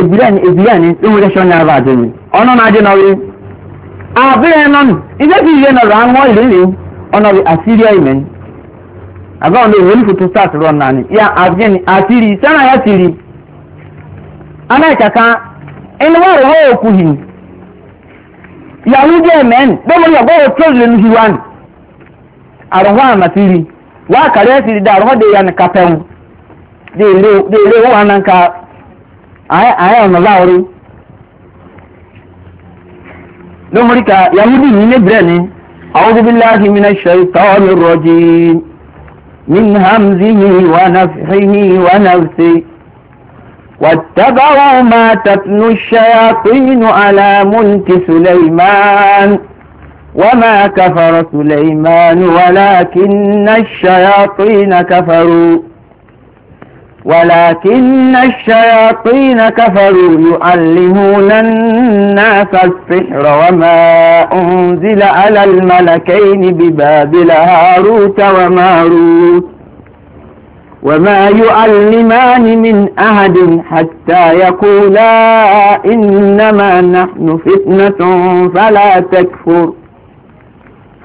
ebirani ebirani enwere shọ nyara adị mi ọnụ na-adị n'ọrụ abịrị nọ nụ ihe dị ihe nọrọ anwụ ọlị nri ọnọrị asiria ime aga ọnụ eweli foto start rụọ naanị ya asiri sana ya siri eme arụwa wa siri da arụwa dị ya na kapenwụ dị ele ụwa na ayé ọ̀nà láàrin lómọ́ríkà yahudi ní níbẹ̀rẹ̀ ni àwọ́dúbíláàhì mi náà ṣẹ̀tọ́ ní rọ̀jì min hamzi ni wà náfihì wà náfihì واتبعوا ما تتلو الشياطين على ملك سليمان وما كفر سليمان ولكن الشياطين كفروا ولكن الشياطين كفروا يعلمون الناس السحر وما أنزل على الملكين ببابل هاروت وماروت وما يعلمان من أحد حتى يقولا إنما نحن فتنة فلا تكفر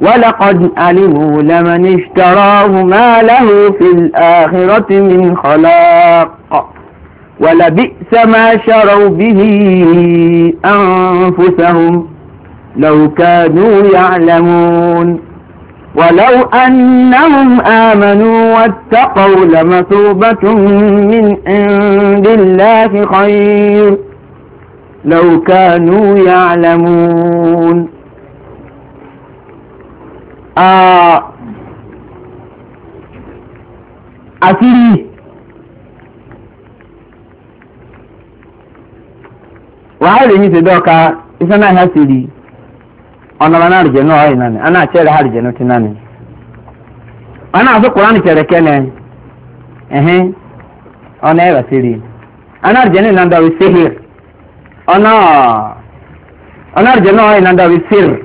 ولقد علموا لمن اشتراه ما له في الآخرة من خلاق ولبئس ما شروا به أنفسهم لو كانوا يعلمون ولو أنهم آمنوا واتقوا لمثوبة من عند الله خير لو كانوا يعلمون Ah, asiri wa yìí ti dọ́ka iṣẹ́ náà na sí siri ọ̀nà bá na rìjẹ̀ náà ọ̀yìn náà ni ọ̀nà àṣẹ́rẹ̀ hà rìjẹ̀ náà ti náà ni ọ̀nà àṣọ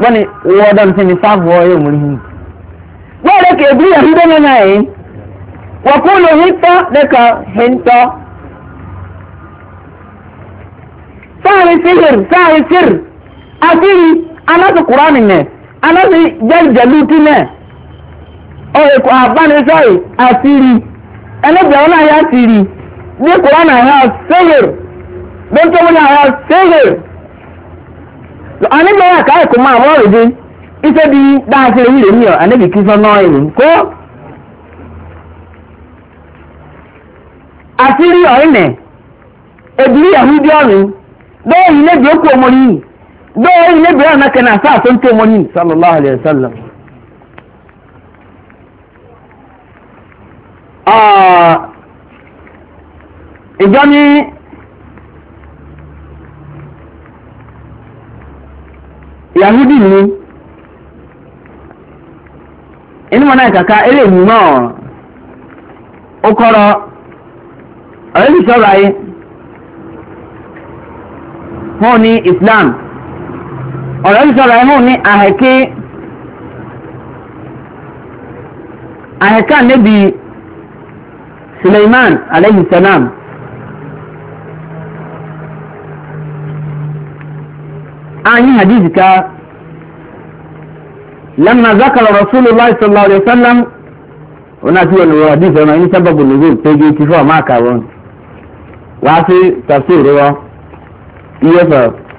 wani ni wọ́n ya sí ni sáàbù ọ̀rẹ́ òmùrìhìn wọ́n lè kè bí ẹ̀hún dọ́nà náà yìí wọ́n kú lò ní tọ́ lẹ́kọ̀ọ́ ṣe ń tọ́ na síhìr sáàrin sír àfihì aláṣẹ kùránì nẹ aláṣẹ jẹ́jẹ̀lú tí nẹ ọ̀rẹ́ kò àbánisọ́rì àfihì náà yá síhìr ní kùránì àyà síhìr lóńtọ́wọ́n náà anigbe ya ka ịkụ ma amụọ rụdị ife dị daasịrị nwere mmiri anigbe kizọ n'ọyị ko asịrị ọyịnị ebiri yahudi ọrụ dọọ yi nebi okwu omori yi dọọ yi nebi ọrụ nake na asa asọ ntu ìjọ ni yahudi ni inú mọ̀ náà kàkà eléyìí náà ó kọ́rọ̀ ọ̀rẹ́ ti sọ̀rọ̀ ayé hàn ní islam ọ̀rẹ́ ti sọ̀rọ̀ ayé hàn ní àhẹ̀kẹ́ àhẹ̀kẹ́ ànẹ́bí suleiman aleyhi salam. anyi hadisi ka lamma zakara rasulullahi sallallahu alaihi wasallam ona ti wani hadisi ona ni sababu nuzul pege ti fo ma ka won wa fi tafsir wa iye fa